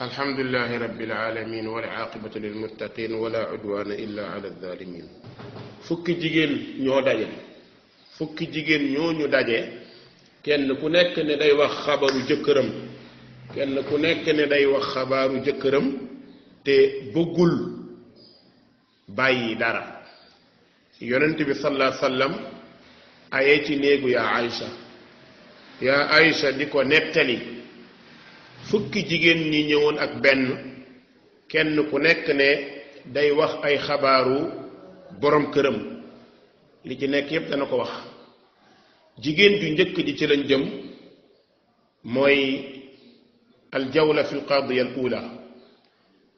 الحمد لله رب العالمين والعاقبة للمتقين ولا عدوان إلا على الظالمين فك جيجين نيو داجي فك جيجين نيو نيو داجي كين كو نيك ني داي واخ جكرم كين كو نيك ني داي واخ جكرم تي بوغول باي دارا يونتي بي صلى الله عليه وسلم ايتي نيغو يا عائشه يا عائشه ديكو نيتالي fukki jigéen ñi ñëwoon ak benn kenn ku nekk ne day wax ay xabaaru borom këram li ci nekk yépp dana ko wax jigéen ju njëkk ji ci lañ jëm mooy aljawla fi lqadiya al ula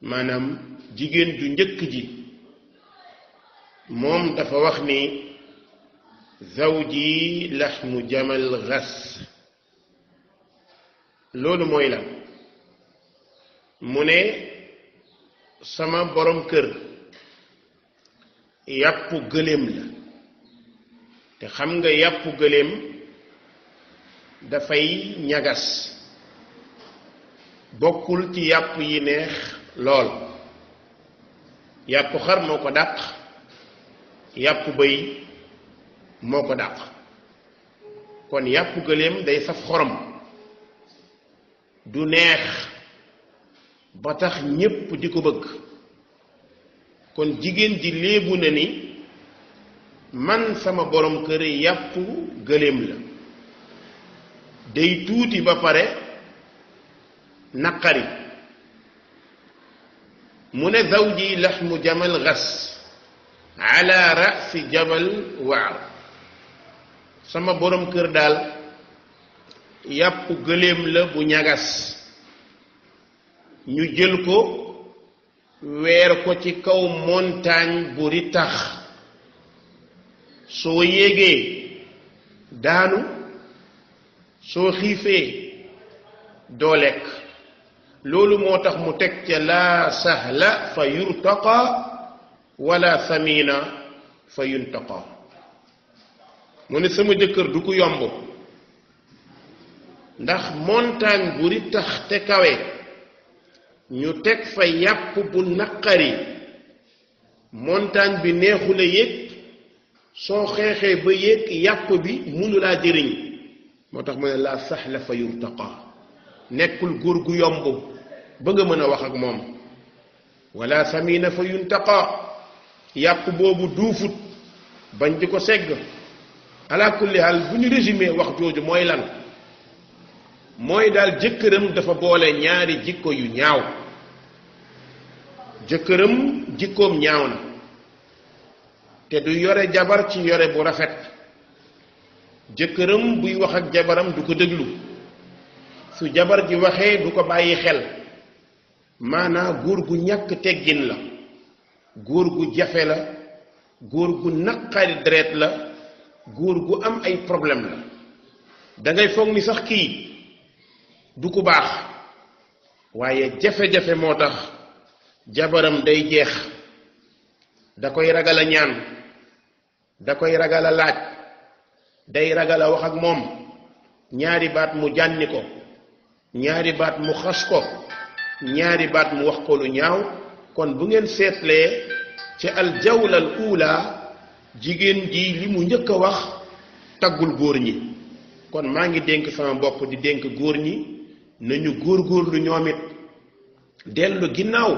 maanaam jigéen ju njëkk ji moom dafa wax ni zawji laxmu jamal gas loolu mooy la mu ne sama boroom kër yàppu gëléem la te xam nga yàppu gëléem dafay ñagas bokkul ci yàpp yi neex lool yàppu xar moo ko dàq yàppu bëy moo ko dàq kon yàppu gëléem day saf xorom du neex ba tax ñépp di ko bëgg kon jigéen ji léebu na ni man sama borom kër yàppu gëléem la day tuuti ba pare naqari mu ne lax mu jamal gas ala rasi jabal waar sama boroom kër daal yàppu gëléem la bu ñagas ñu jël ko weer ko ci kaw montagne bu ritax soo yéegee daanu soo xiifee doo lekk loolu moo tax mu teg ca laa sahla fa yurtaqa wala samina fa yuntaqa mu ne sama jëkkër du ko yomb ndax montagne bu ritax te kawe ñu teg fa yàpp bu naqari montagne bi neexula yéeg soo xeexee ba yéeg yàpp bi laa jëriñ moo tax mu ne laa saxla fa yurtaqa nekkul góor gu yomb ba nga mën a wax ak moom wala samina fa yuntaqa yàpp boobu duufut bañ di ko segg ala kulli hal bu ñu résumé wax jooju mooy lan mooy daal jëkkëram dafa boole ñaari jikko yu ñaaw jëkkëram jikkoom ñaaw na te du yore jabar ci yore bu rafet jëkkëram buy wax ak jabaram du ko déglu su jabar ji waxee du ko bàyyi xel maanaa góor gu ñàkk teggin la góor gu jafe la góor gu naqari deret la góor gu am ay problème la dangay foog ni sax kii du ku baax waaye jafe-jafe moo tax jabaram day jeex da koy ragal a ñaan da koy ragal a laaj day ragal a wax ak moom ñaari baat mu jànni ko ñaari baat mu xas ko ñaari baat mu wax ko lu ñaaw kon bu ngeen seetlee ci aljawlal uula jigéen ji li mu njëkk a wax taggul góor ñi kon maa ngi dénk sama bopp di dénk góor ñi nañu góorgóorlu ñoom it dellu ginnaaw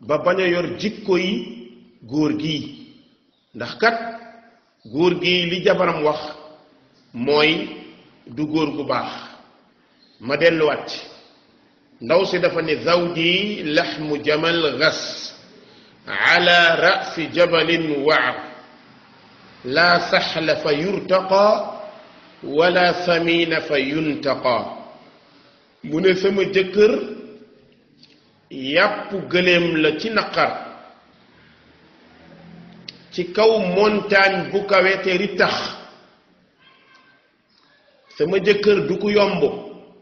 ba bañ yor jikko yi góor gi ndax kat góor gi li jabaram wax mooy du góor gu baax ma delluwaat ci ndaw si dafa ne zawji laxmu jamal gas ala rasi jabalin waar laa saxla fa yurtaqa wala samina fa yuntaqa mu ne sama jëkkër yàpp gëléem la ci naqar ci kaw montagne bu kawe te rittax sama jëkkër du ko yomb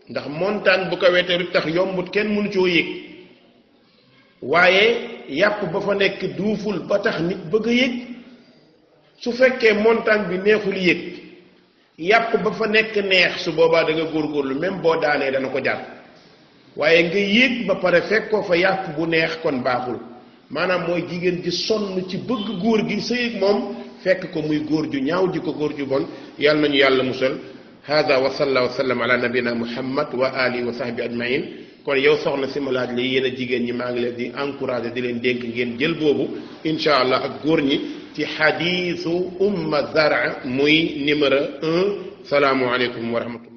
ndax montagne bu kawe te rittax yombut kenn mënu coo yéeg waaye yàpp ba fa nekk duuful ba tax nit bëgg a yéeg su fekkee montagne bi neexul yéeg yàpp ba fa nekk neex su boobaa da góor góorgóorlu même boo daanee dana ko jàpp waaye nga yéeg ba pare fekkoo fa yàpp bu neex kon baaxul maanaam mooy jigéen ji sonn ci bëgg góor gi sëyeeg moom fekk ko muy góor ju ñaaw ji ko góor ju bon yàlla nañu yàlla musal hada wa salla wa sallam mu nabina muhammad wa alihi wa sahbi ajmain kon yow soxna si ma laaj la yéen a jigéen ñi maa ngi leen di encouragé di leen dénk ngeen jël boobu incha allah ak góor ñi في حديث أم الزرع مي نمر سلام عليكم ورحمة الله